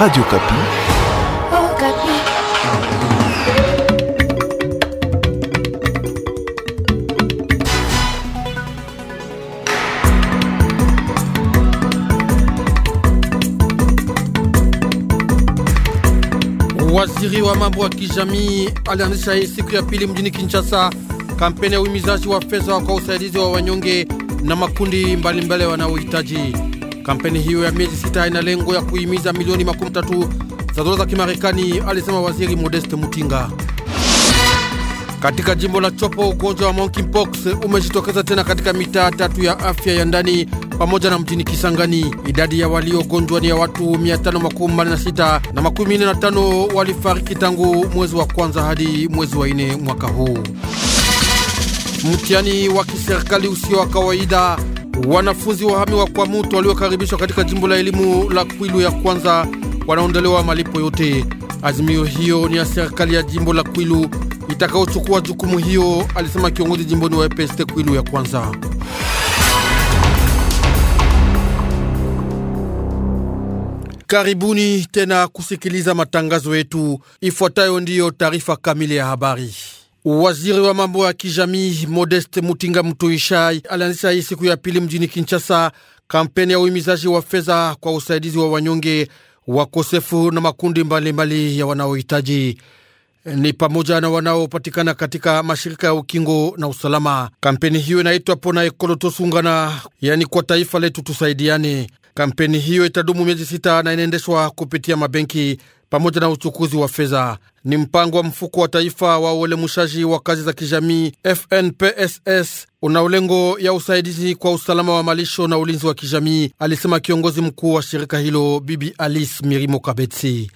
Radio Kapi. Oh, Kapi. Waziri wa mambo wa kijamii alianzisha hii siku ya pili mjini Kinshasa kampeni ya uhimizaji wa fedha kwa usaidizi wa wanyonge na makundi mbalimbali wanaohitaji. Kampeni hiyo ya miezi sita ina lengo ya kuhimiza milioni makumi tatu za dola za Kimarekani, alisema waziri Modeste Mutinga. Katika jimbo la Chopo, ugonjwa wa monkeypox umejitokeza tena katika mitaa tatu ya afya ya ndani pamoja na mjini Kisangani. Idadi ya waliogonjwa ni ya watu 546 na makumi walifariki tangu mwezi wa kwanza hadi mwezi wa nne mwaka huu. Mtihani wa kiserikali usio wa kawaida Wanafunzi wa hamiwa kwa mutu waliokaribishwa katika jimbo la elimu la Kwilu ya kwanza wanaondolewa malipo yote. Azimio hiyo ni ya serikali ya jimbo la Kwilu itakaochukua jukumu hiyo, alisema kiongozi jimboni wa EPST Kwilu ya kwanza. Karibuni tena kusikiliza matangazo yetu. Ifuatayo ndiyo taarifa kamili ya habari. Waziri wa mambo ya kijamii Modeste Mutinga Mtuishai alianzisha hii siku ya pili mjini Kinshasa kampeni ya uhimizaji wa fedha kwa usaidizi wa wanyonge, wakosefu na makundi mbalimbali mbali ya wanaohitaji ni pamoja na wanaopatikana katika mashirika ya ukingo na usalama. Kampeni hiyo inaitwa Pona Ekolo Tosungana, yaani kwa taifa letu tusaidiane. Kampeni hiyo itadumu miezi sita na inaendeshwa kupitia mabenki pamoja na uchukuzi wa fedha ni mpango wa mfuko wa taifa wa uelemushaji wa kazi za kijamii FNPSS una ulengo ya usaidizi kwa usalama wa malisho na ulinzi wa kijamii, alisema kiongozi mkuu wa shirika hilo Bibi Alice Mirimo Kabetsi.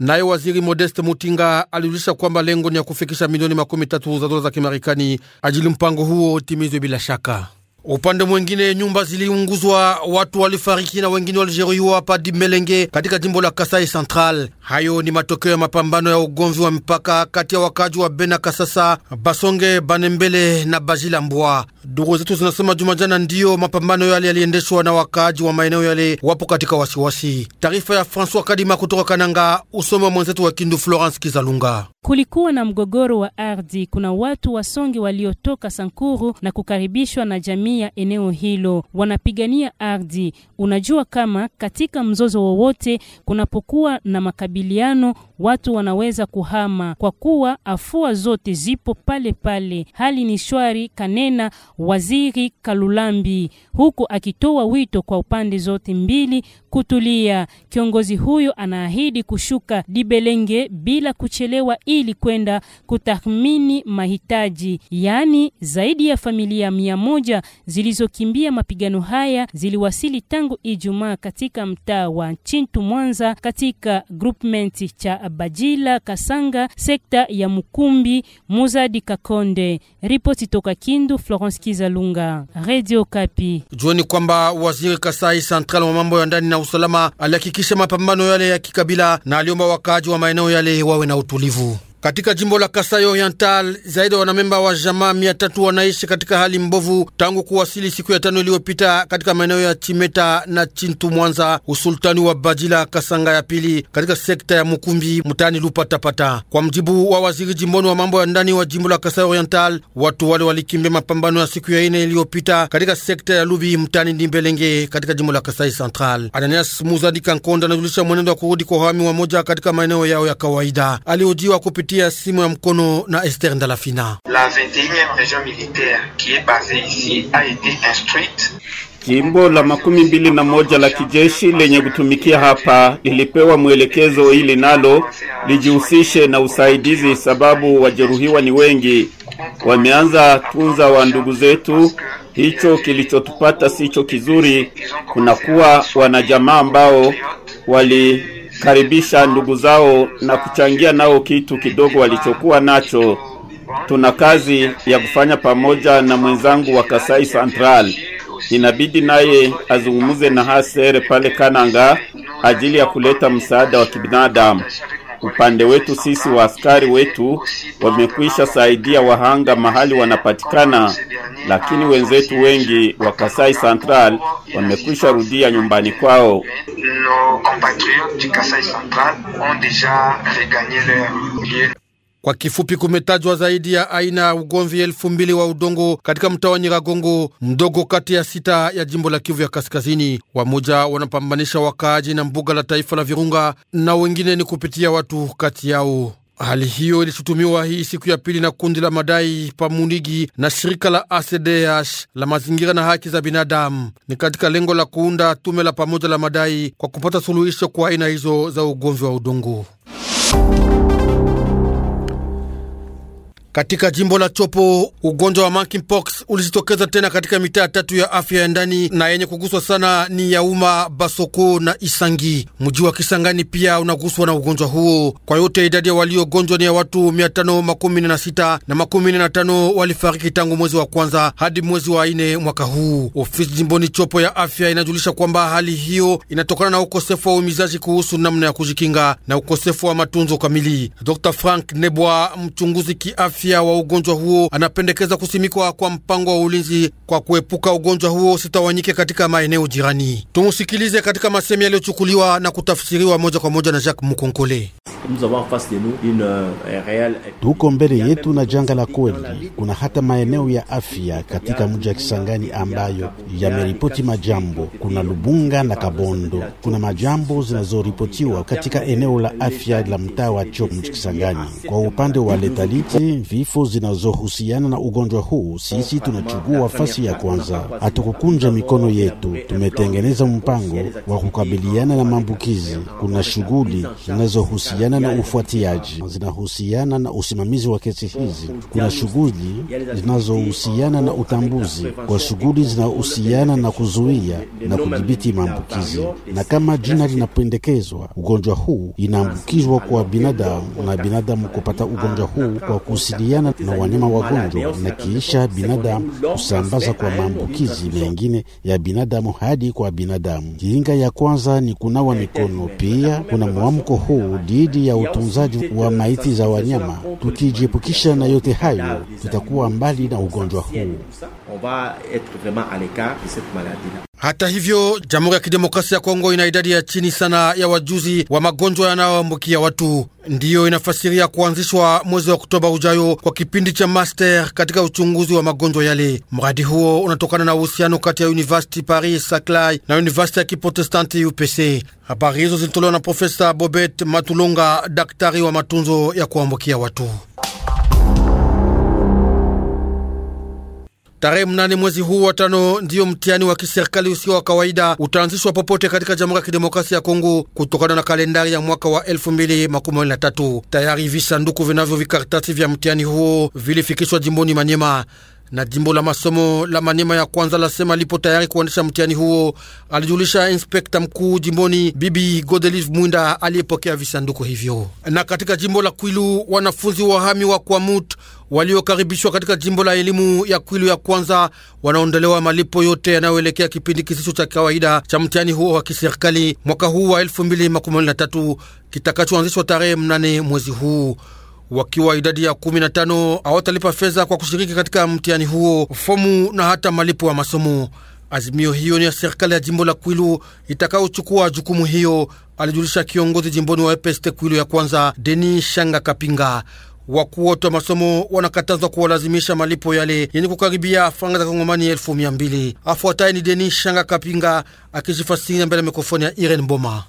Naye waziri Modeste Mutinga alijulisha kwamba lengo ni ya kufikisha milioni makumi tatu za dola za Kimarekani ajili mpango huo utimizwe bila shaka. Upande mwengine nyumba ziliunguzwa, watu walifariki na wengine walijeruhiwa hapa Dimelenge katika jimbo la Kasai Central. Hayo ni matokeo ya mapambano ya ugomvi wa mpaka kati ya wakaji wa Bena Kasasa, Basonge, Banembele na Bajila Mbwa. Duru zetu zinasema Jumajana ndiyo mapambano yale yaliendeshwa na wakaji wa maeneo yale wapo katika wasiwasi. Taarifa ya François Kadima kutoka Kananga, usome wa mwenzetu wa Kindu Florence Kizalunga. Kulikuwa na mgogoro wa ardhi. Kuna watu Songi waliotoka Sankuru na kukaribishwa na jamii ya eneo hilo, wanapigania ardhi. Unajua, kama katika mzozo wowote kunapokuwa na makabiliano, watu wanaweza kuhama, kwa kuwa afua zote zipo pale pale. Hali ni shwari, kanena waziri Kalulambi, huku akitoa wito kwa upande zote mbili kutulia. Kiongozi huyo anaahidi kushuka Dibelenge bila kuchelewa ili kwenda kutathmini mahitaji. Yaani zaidi ya familia mia moja zilizokimbia mapigano haya ziliwasili tangu Ijumaa katika mtaa wa Chintu Mwanza, katika groupment cha Bajila Kasanga, sekta ya Mukumbi, Muzadi Kakonde. Ripoti toka Kindu, Florence Kizalunga, Radio Kapi. Jueni kwamba waziri Kasai Central wa mambo ya ndani na usalama alihakikisha mapambano yale ya kikabila na aliomba wakaaji wa maeneo yale wawe na utulivu. Katika jimbo la Kasai Oriental zaidi ya wanamemba wa jamaa mia tatu wanaishi katika hali mbovu tangu kuwasili siku ya tano iliyopita katika maeneo ya Chimeta na Chintu Mwanza, usultani wa Bajila Kasanga ya pili katika sekta ya Mukumbi mtaani Lupatapata. Kwa mjibu wa waziri jimboni wa mambo ya ndani wa jimbo la Kasai Oriental, watu wale walikimbia mapambano ya siku ya ine iliyopita katika sekta ya Lubi mtaani Ndimbelenge katika jimbo la Kasai Central. Ananias Muzadi Kankonda anajulisha mwenendo wa kurudi kwa wahami wa moja katika maeneo yao ya kawaida. Alihojiwa kupita kupitia simu ya mkono na Esther Ndalafina. Jimbo la makumi mbili na moja la kijeshi lenye kutumikia hapa lilipewa mwelekezo ili nalo lijihusishe na usaidizi, sababu wajeruhiwa ni wengi. Wameanza tunza wa ndugu zetu. Hicho kilichotupata sicho kizuri. Kunakuwa wanajamaa ambao wali kukaribisha ndugu zao na kuchangia nao kitu kidogo walichokuwa nacho. Tuna kazi ya kufanya pamoja na mwenzangu wa Kasai Central, inabidi naye azungumuze na Haser pale Kananga ajili ya kuleta msaada wa kibinadamu. Upande wetu sisi, wa askari wetu wamekwisha saidia wahanga mahali wanapatikana, lakini wenzetu wengi wa Kasai Central wamekwisha rudia nyumbani kwao. Kwa kifupi, kumetajwa zaidi ya aina ya ugomvi elfu mbili wa udongo katika mtaa wa Nyiragongo, mdogo kati ya sita ya jimbo la Kivu ya Kaskazini. Wamoja wanapambanisha wakaaji na mbuga la taifa la Virunga na wengine ni kupitia watu kati yao. Hali hiyo ilishutumiwa hii siku ya pili na kundi la madai Pamunigi na shirika la ACDH la mazingira na haki za binadamu. Ni katika lengo la kuunda tume la pamoja la madai kwa kupata suluhisho kwa aina hizo za ugomvi wa udongo. Katika jimbo la Chopo ugonjwa wa monkeypox ulijitokeza tena katika mitaa tatu ya afya ya ndani na yenye kuguswa sana ni Yauma, Basoko na Isangi. Mji wa Kisangani pia unaguswa na ugonjwa huo. Kwa yote idadi ya waliogonjwa ni ya watu 516 na 15 walifariki tangu mwezi wa kwanza hadi mwezi wa ine mwaka huu. Ofisi jimboni Chopo ya afya inajulisha kwamba hali hiyo inatokana na ukosefu wa umizaji kuhusu namna ya kujikinga na ukosefu wa matunzo kamili. Dr Frank Nebwa, mchunguzi kiafya afya wa ugonjwa huo anapendekeza kusimikwa kwa mpango wa ulinzi kwa kuepuka ugonjwa huo usitawanyike katika maeneo jirani. Tumusikilize katika masemi yaliyochukuliwa na kutafsiriwa moja kwa moja na Jacques Mukonkole. Euh, Tuko mbele yetu na janga la kweli. Kuna hata maeneo ya afya katika mji wa Kisangani ambayo yameripoti majambo. Kuna Lubunga na Kabondo, kuna majambo zinazoripotiwa katika eneo la afya la mtaa wa Cho mji Kisangani. Kwa upande wa letaliti vifo zinazohusiana na ugonjwa huu, sisi tunachukua fasi ya kwanza. Hatukukunja mikono yetu, tumetengeneza mpango wa kukabiliana na maambukizi. Kuna shughuli zinazohusiana na ufuatiaji, zinahusiana na usimamizi wa kesi hizi. Kuna shughuli zinazohusiana na utambuzi, kwa shughuli zinahusiana na kuzuia na kudhibiti maambukizi, na kama jina linapendekezwa, ugonjwa huu inaambukizwa kwa binadamu na binadamu kupata ugonjwa huu kwa kusi kukabiliana na wanyama wagonjwa na kiisha binadamu kusambaza kwa maambukizi mengine ya binadamu hadi kwa binadamu. Kinga ya kwanza ni kunawa mikono. Pia kuna mwamko huu dhidi ya utunzaji wa maiti za wanyama. Tukijiepukisha na yote hayo, tutakuwa mbali na ugonjwa huu on va être vraiment à l'écart de cette maladie-là. Hata hivyo, Jamhuri ya Kidemokrasia ya Kongo ina idadi ya chini sana ya wajuzi wa magonjwa yanayoambukia watu. Ndiyo inafasiria kuanzishwa mwezi wa Oktoba ujayo kwa kipindi cha master katika uchunguzi wa magonjwa yale. Mradi huo unatokana na uhusiano kati ya University Paris Saclay na University ya Kiprotestanti UPC. Habari hizo zilitolewa na Profesa Bobet Matulonga, daktari wa matunzo ya kuambukia watu. Tarehe mnane mwezi huu wa tano ndiyo mtihani wa kiserikali usio wa kawaida utaanzishwa popote katika Jamhuri ya Kidemokrasia ya Kongo kutokana na kalendari ya mwaka wa tatu. Tayari visanduku vinavyo vikaratasi vya mtihani huo vilifikishwa jimboni Manyema na jimbo la masomo la Manyema ya kwanza lasema lipo tayari kuendesha mtihani huo, alijulisha inspekta mkuu jimboni Bibi Godelive Mwinda aliyepokea visanduku hivyo. Na katika jimbo la Kwilu wanafunzi wa hami wa Kwamut waliokaribishwa katika jimbo la elimu ya Kwilu ya kwanza wanaondolewa malipo yote yanayoelekea kipindi kisicho cha kawaida cha mtihani huo wa kiserikali mwaka huu wa 2023 kitakachoanzishwa tarehe mnane mwezi huu wakiwa idadi ya 15 hawatalipa fedha kwa kushiriki katika mtihani huo, fomu na hata malipo ya masomo. Azimio hiyo ni ya serikali ya jimbo la Kwilu itakayochukua jukumu hiyo, alijulisha kiongozi jimboni wa EPST Kwilu ya kwanza Deni Shanga Kapinga. Wakuu wote wa masomo wanakatazwa kuwalazimisha malipo yale yenye kukaribia faranga za kongomani elfu mia mbili. Afuataye ni Deni Shanga Kapinga akijifasiria mbele ya mikrofoni ya Irene Boma.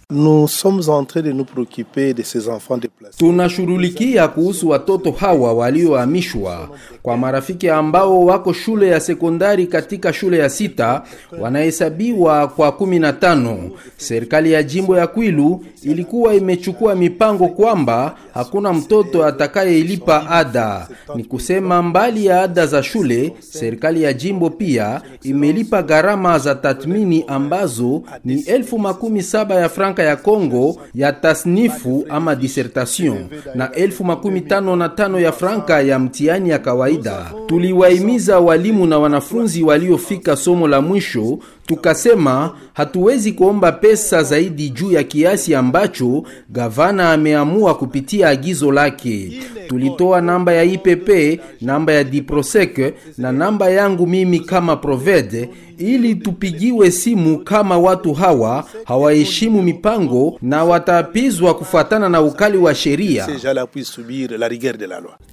Tunashughulikia kuhusu watoto hawa waliohamishwa kwa marafiki ambao wako shule ya sekondari katika shule ya sita, wanahesabiwa kwa kumi na tano. Serikali ya jimbo ya Kwilu ilikuwa imechukua mipango kwamba hakuna mtoto atakaye kulipa ada. Ni kusema mbali ya ada za shule, serikali ya jimbo pia imelipa gharama za tathmini ambazo ni elfu makumi saba ya franka ya Kongo ya tasnifu ama disertation na elfu makumi tano na tano ya franka ya mtihani ya kawaida. Tuliwahimiza walimu na wanafunzi waliofika somo la mwisho tukasema hatuwezi kuomba pesa zaidi juu ya kiasi ambacho gavana ameamua kupitia agizo lake. Tuli tulitoa namba ya IPP, namba ya Diprosec na namba yangu mimi kama provede ili tupigiwe simu kama watu hawa hawaheshimu mipango na wataapizwa kufuatana na ukali wa sheria.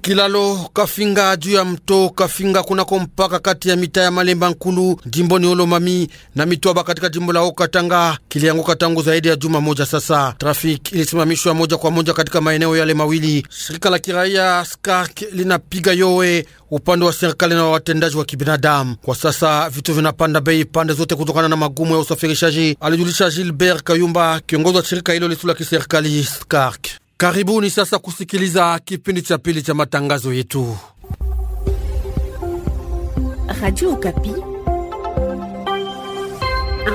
Kilalo Kafinga juu ya mto Kafinga kunako mpaka kati ya mita ya Malemba Nkulu jimboni Olomami na Mitwaba katika jimbo la Okatanga kilianguka tangu zaidi ya juma moja sasa. Trafik ilisimamishwa moja kwa moja katika maeneo yale mawili. Shirika la kiraia SCARC linapiga yowe upande wa serikali na watendaji wa kibinadamu. Kwa sasa vitu vinapanda kupanda bei pande zote kutokana na magumu ya usafirishaji, alijulisha Gilbert Kayumba, kiongozi wa shirika hilo lisilo la kiserikali Skark. Karibuni sasa kusikiliza kipindi cha pili cha matangazo yetu Radio Okapi,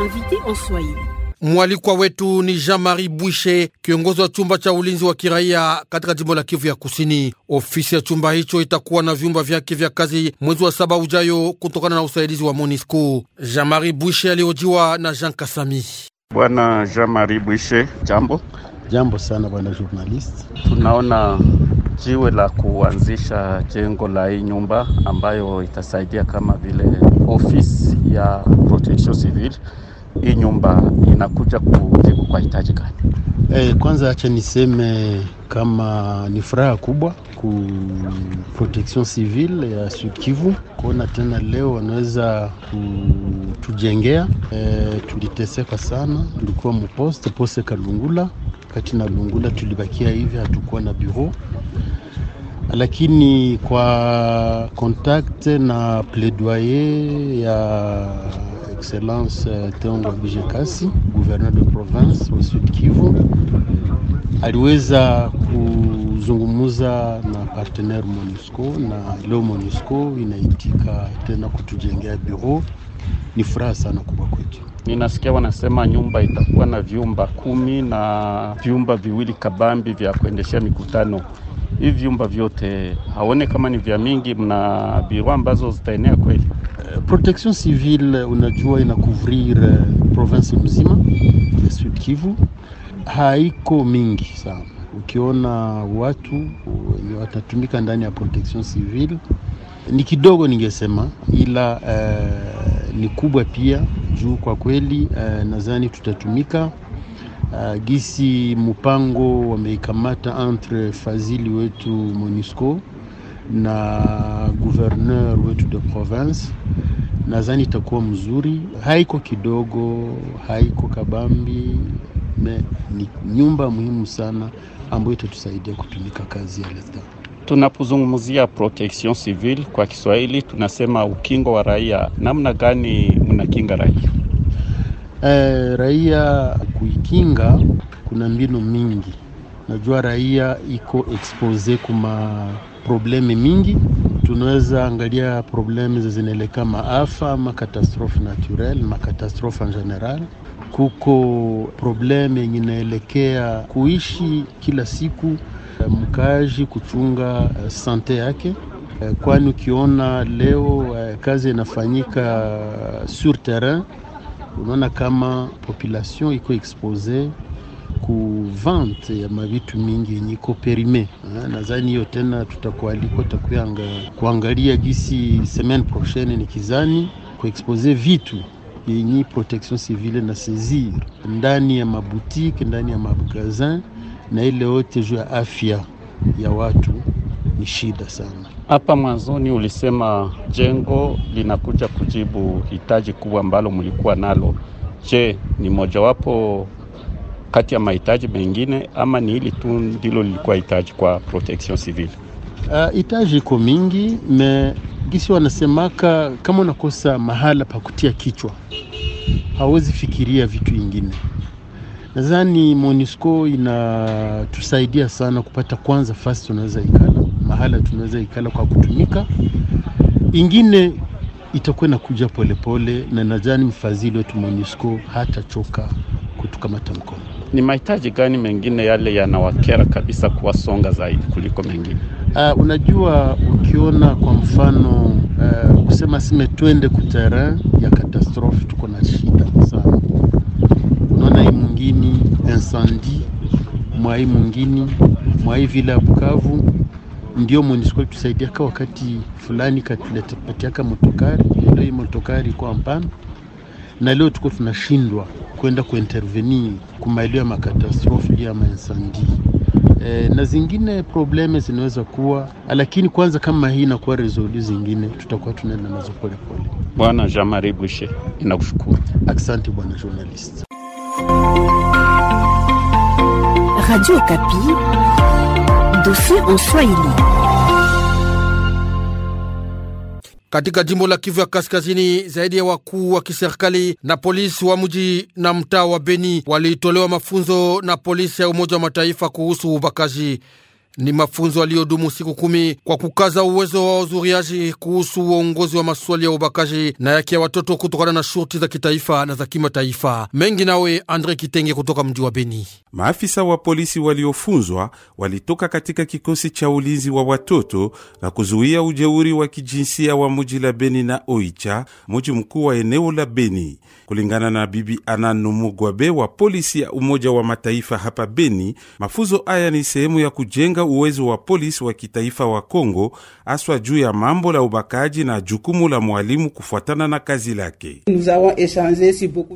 invité en Swahili. Mwalikwa wetu ni Jean-Marie Bwishe, kiongozi wa chumba cha ulinzi wa kiraia katika jimbo la Kivu ya Kusini. Ofisi ya chumba hicho itakuwa na vyumba vyake vya kazi mwezi wa saba ujayo kutokana na usaidizi wa monisco Jean-Marie Bwishe aliojiwa na Jean Kasami. Bwana Jean-Marie Bwishe, jambo. Jambo sana bwana journalist. Tunaona jiwe la kuanzisha jengo la hii nyumba ambayo itasaidia kama vile ofisi ya protection civile hii nyumba inakuja kujibu kwa hitaji gani? Eh, kwanza acha niseme kama ni furaha kubwa ku protection civile ya Sud Kivu kuona tena leo wanaweza kutujengea. E, eh, tuliteseka sana, tulikuwa mposte poste Kalungula kati na Lungula tulibakia hivi, hatukuwa na bureau, lakini kwa contact na plaidoyer ya Excellence euh, Tongo Bijekasi, gouverneur de province wa Sud Kivu, aliweza kuzungumza na partenaire MONUSCO na leo MONUSCO inaitika tena kutujengea bureau. Ni furaha sana kubwa kwetu. Ninasikia wanasema nyumba itakuwa na vyumba kumi na vyumba viwili kabambi vya kuendeshea mikutano. Hivi vyumba vyote haone kama ni vya mingi, mna biro ambazo zitaenea kweli? Protection civile unajua, couvrir euh, province mzima ya Sud Kivu, haiko mingi sana. Ukiona watu wenye watatumika ndani ya protection civile ni kidogo, ningesema ila uh, ni kubwa pia juu kwa kweli uh, nadhani tutatumika uh, gisi mpango wameikamata entre fazili wetu MONUSCO na gouverneur wetu de province, nadhani itakuwa mzuri. Haiko kidogo, haiko kabambi, me ni nyumba muhimu sana ambayo itatusaidia kutumika kazi ya leta. Tunapozungumzia protection civil kwa Kiswahili tunasema ukingo wa raia, namna gani mnakinga raia? Eh, raia kuikinga, kuna mbinu mingi. Najua raia iko expose kuma probleme mingi. Tunaweza angalia probleme zinaelekea maafa, makatastrofe naturel, makatastrofe en general. Kuko probleme yenye inaelekea kuishi kila siku, mkaaji kuchunga eh, sante yake eh, kwani ukiona leo eh, kazi inafanyika sur terrain, unaona kama population iko expose ku vente ya mavitu mingi yenye iko perime. Nadhani hiyo tena tutakualikwa takuanga kuangalia gisi semaine prochaine ni kizani kuexpose vitu yenye protection civile na saisir ndani ya maboutique ndani ya magazin na ile yote juu ya afya ya watu ni shida sana. Hapa mwanzoni ulisema jengo linakuja kujibu hitaji kubwa ambalo mlikuwa nalo. Je, ni mojawapo kati ya mahitaji mengine, ama ni hili tu ndilo lilikuwa hitaji kwa protection civil? Uh, iko mingi me gisi wanasemaka kama unakosa mahala pa kutia kichwa hawezi fikiria vitu ingine. Nadhani Monisco inatusaidia sana kupata kwanza fasi tunaweza ikala mahala tunaweza ikala kwa kutumika, ingine itakuwa inakuja polepole, na nadhani mfadhili wetu Monisco hatachoka kutukamata mkono ni mahitaji gani mengine yale yanawakera kabisa kuwasonga zaidi kuliko mengine? Uh, unajua ukiona kwa mfano uh, kusema sime twende kutera ya katastrofe, tuko na shida sana. Unaona hii mungini insendi mwai mungini mwai vile ya Bukavu ndio MONUSCO alitusaidiaka wakati fulani, katuletiaka motokari. ndio hii motokari iko mpana, na leo tuko tunashindwa kwenda kuintervenir kumaeneo ya makatastrofi ya mainsandi e, eh, na zingine probleme zinaweza kuwa, lakini kwanza kama hii inakuwa resolu zingine tutakuwa tunaenda nazo polepole. Bwana Jean Marie Bushe, inakushukuru asante bwana journalist. Radio Kapi, dossier en Swahili. Katika jimbo la Kivu ya Kaskazini, zaidi ya wakuu wa kiserikali na polisi wa mji na mtaa wa Beni walitolewa mafunzo na polisi ya Umoja wa Mataifa kuhusu ubakaji. Ni mafunzo aliyodumu siku kumi kwa kukaza uwezo wa wazuriaji kuhusu uongozi wa maswali ya ubakaji na yake ya watoto kutokana na shurti za kitaifa na za kimataifa mengi. Nawe Andre Kitenge kutoka mji wa Beni. Maafisa wa polisi waliofunzwa walitoka katika kikosi cha ulinzi wa watoto na kuzuia ujeuri wa kijinsia wa muji la Beni na Oicha, muji mkuu wa eneo la Beni, kulingana na Bibi Ananu Mugwabe wa polisi ya Umoja wa Mataifa hapa Beni. Mafunzo haya ni sehemu ya kujenga kujenga uwezo wa polisi wa kitaifa wa Kongo, haswa juu ya mambo la ubakaji na jukumu la mwalimu kufuatana na kazi lake.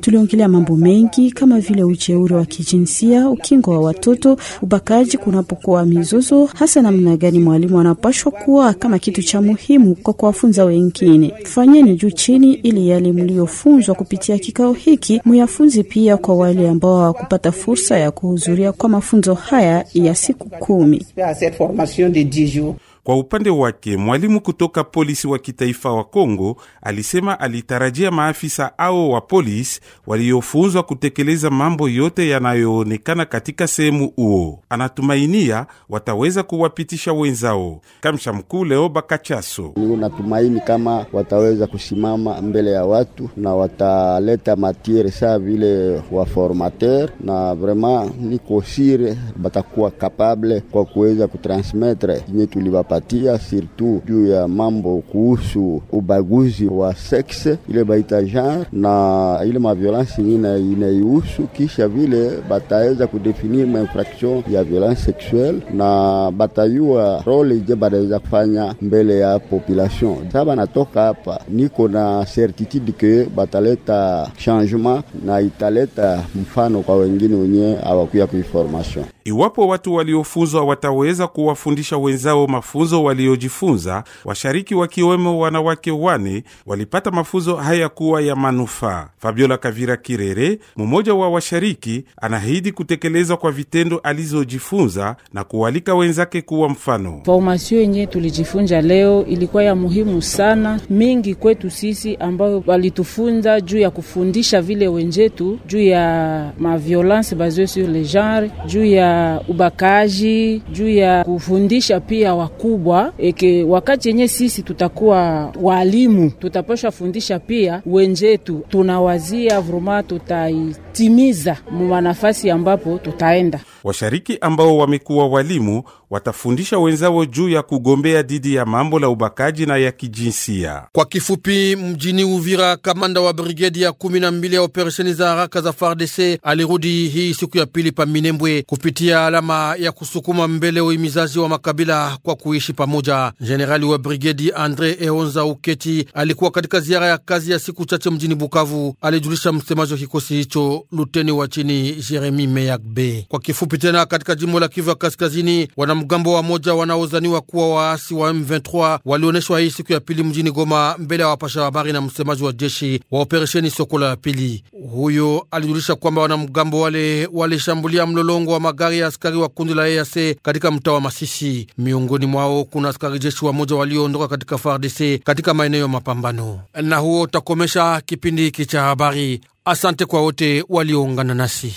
Tuliongelea mambo mengi kama vile ucheuri wa kijinsia, ukingo wa watoto, ubakaji kunapokuwa mizozo, hasa namna gani mwalimu anapashwa kuwa kama kitu cha muhimu kwa kuwafunza wengine. Fanyeni juu chini, ili yale mliofunzwa kupitia kikao hiki muyafunzi pia kwa wale ambao hawakupata fursa ya kuhudhuria kwa mafunzo haya ya siku kumi. à cette formation de 10 jours. Kwa upande wake mwalimu kutoka polisi wa kitaifa wa Kongo alisema alitarajia maafisa ao wa polisi waliofunzwa kutekeleza mambo yote yanayoonekana katika sehemu huo. Anatumainia wataweza kuwapitisha wenzao. Kamsha mkuu Leo Bakachaso: natumaini kama wataweza kusimama mbele ya watu na wataleta matiere saa vile waformateur, na vraiment niko sire batakuwa kapable kwa kuweza kutransmetre yenye tulibapa kutupatia surtout juu ya mambo kuhusu ubaguzi wa sexe ile baita genre na ile maviolensi ingine inaihusu, kisha vile bataweza kudefinir mainfraction ya violence sexuelle na batayua role je bataweza kufanya mbele ya population. Saba natoka hapa, niko na certitude ke bataleta changement na italeta mfano kwa wengine wenye hawakuya kuiformation. Iwapo watu waliofuzwa wataweza kuwafundisha wenzao mafunzo mafunzo waliojifunza, washiriki wakiwemo wanawake wane walipata mafunzo haya kuwa ya manufaa. Fabiola Kavira Kirere, mmoja wa washiriki, anahidi kutekeleza kwa vitendo alizojifunza na kualika wenzake kuwa mfano. Formasio yenye tulijifunza leo ilikuwa ya muhimu sana mingi kwetu sisi, ambayo walitufunza juu ya kufundisha vile wenjetu juu ya maviolense basee sur le genre, juu ya ubakaji, juu ya kufundisha pia wakuu kubwa eke, wakati yenye sisi tutakuwa walimu tutaposha fundisha pia wenjetu, tunawazia vruma tutai kutimiza mwanafasi ambapo tutaenda. Washariki ambao wamekuwa walimu watafundisha wenzao juu ya kugombea dhidi ya mambo la ubakaji na ya kijinsia. Kwa kifupi, mjini Uvira, kamanda wa brigedi ya kumi na mbili ya operesheni za haraka za FARDC alirudi hii siku ya pili pa Minembwe kupitia alama ya kusukuma mbele uimizaji wa makabila kwa kuishi pamoja. Jenerali wa brigedi Andre Eonza Uketi alikuwa katika ziara ya kazi ya siku chache mjini Bukavu, alijulisha msemaji wa kikosi hicho luteni wa chini Jeremi Meyakbe. Kwa kifupi tena, katika jimbo la Kivu ya Kaskazini, wanamgambo wa moja wanaozaniwa kuwa waasi wa M23 walioneshwa hii siku ya pili mjini Goma mbele ya wapasha habari na msemaji wa jeshi wa operesheni Sokola ya pili. Huyo alijulisha kwamba wanamgambo wale walishambulia mlolongo wa magari ya askari wa kundi la EAC katika mtaa wa Masisi. Miongoni mwao kuna askari jeshi wa moja walioondoka katika FARDC katika maeneo ya mapambano. Na huo utakomesha kipindi hiki cha habari. Asante kwa wote walioungana nasi.